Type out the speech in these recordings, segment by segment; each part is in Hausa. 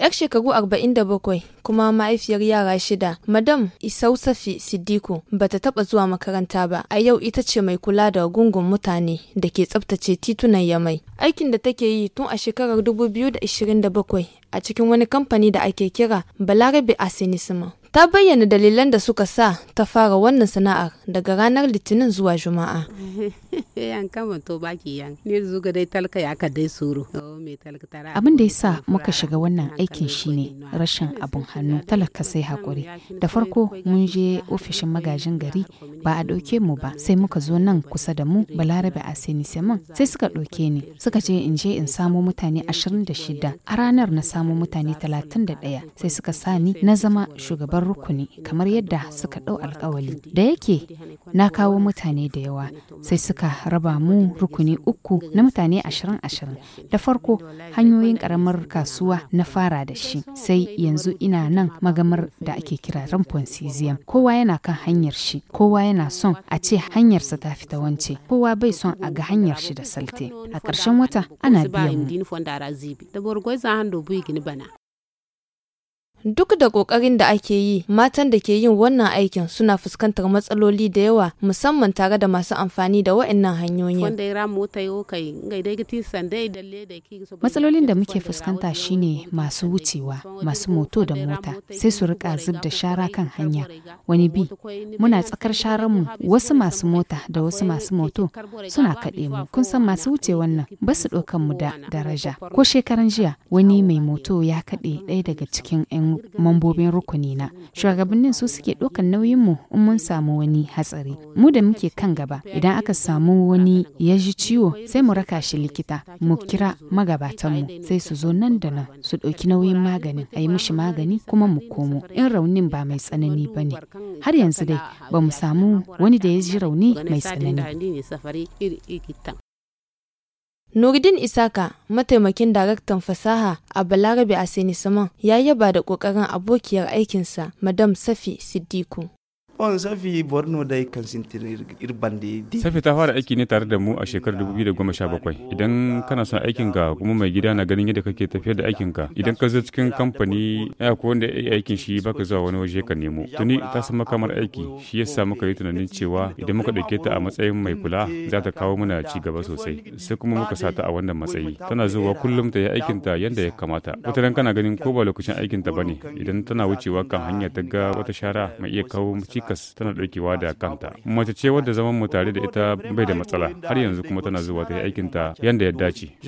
'Yar shekaru 47 kuma mahaifiyar yara shida, Madam Isausafi Siddiku ba ta taɓa zuwa makaranta ba, a yau ita ce mai kula da gungun mutane da ke tsabtace titunan Yamai. Aikin da take yi tun a shekarar 2027 a cikin wani kamfani da ake kira Balarabe Asinisima. ta bayyana dalilan da suka sa ta fara wannan sana'ar daga ranar litinin zuwa juma'a. e to baki yan ne ga dai talka ya ka dai suru abin da yasa muka shiga wannan aikin shi ne rashin abun hannu talaka sai hakuri da farko mun je ofishin magajin gari ba a ɗauke mu ba sai muka zo nan kusa da mu balarabe a sai seman sai suka ɗauke ni suka je in je in samo mutane 26 a ranar na samo mutane 31 sai suka sa ni na zama shugaban rukuni kamar yadda suka ɗau alkawali da yake na kawo mutane da yawa sai suka raba mu rukuni uku na mutane ashirin ashirin da farko hanyoyin karamar kasuwa na fara da shi sai yanzu ina nan magamar da ake kira rampon cesium kowa yana kan hanyar shi kowa yana son a ce hanyarsa ta fita wance kowa bai son a ga hanyar shi da salte a ƙarshen wata ana biyan mu Duk da ƙoƙarin da ake yi, matan da ke yin wannan aikin suna fuskantar matsaloli da yawa musamman tare da masu amfani da waɗannan hanyoyin. Matsalolin da muke fuskanta shine masu wucewa, masu moto da mota, sai su rika zub da shara kan hanya. Wani bi, muna tsakar sharanmu wasu masu mota da wasu masu moto suna kaɗe mu. Kun san masu wuce wannan ba su ɗaukan mu da daraja. Ko shekaran jiya wani mai moto ya kaɗe ɗaya daga cikin 'yan mambobin rukuni na shugabannin su suke ɗaukar mu in mun samu wani hatsari mu da muke kan gaba idan aka samu wani ya ji ciwo sai mu raka shi likita mu kira magabatan mu sai su zo nan da nan su ɗauki nauyin maganin a yi mishi magani kuma mu komo in raunin ba mai tsanani ba ne har yanzu dai ba mu samu wani da ya ji rauni mai tsanani Nuruddin Isaka, mataimakin daraktan fasaha a Balarabe a Sinisaman, ya yaba da ƙoƙarin abokiyar aikinsa, Madam Safi Siddiku. on safi borno dai kan safi ta fara aiki ne tare da mu a shekarar 2017 idan kana son aikin ka kuma mai gida na ganin yadda kake tafiyar da aikin ka idan ka zo cikin kamfani ya ko wanda ya aikin shi baka zuwa wani waje ka nemo tuni ta samu kamar aiki shi ya sa muka yi tunanin cewa idan muka dauke ta a matsayin mai kula za ta kawo mana ci gaba sosai sai kuma muka sa ta a wannan matsayi tana zuwa kullum ta yi aikin ta yadda ya kamata wata kana ganin ko ba lokacin aikin ta bane idan tana wucewa kan hanya ta ga wata shara mai iya kawo cikas tilas tana ɗaukewa da kanta mace ce wadda zaman mu tare da ita bai da matsala har yanzu kuma tana zuwa ta yi aikinta yadda ya dace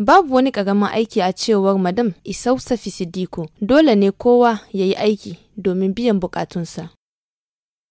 Babu wani ƙaramin aiki a cewar Madam Isausa Fisidiko, dole ne kowa ya yi aiki domin biyan bukatunsa.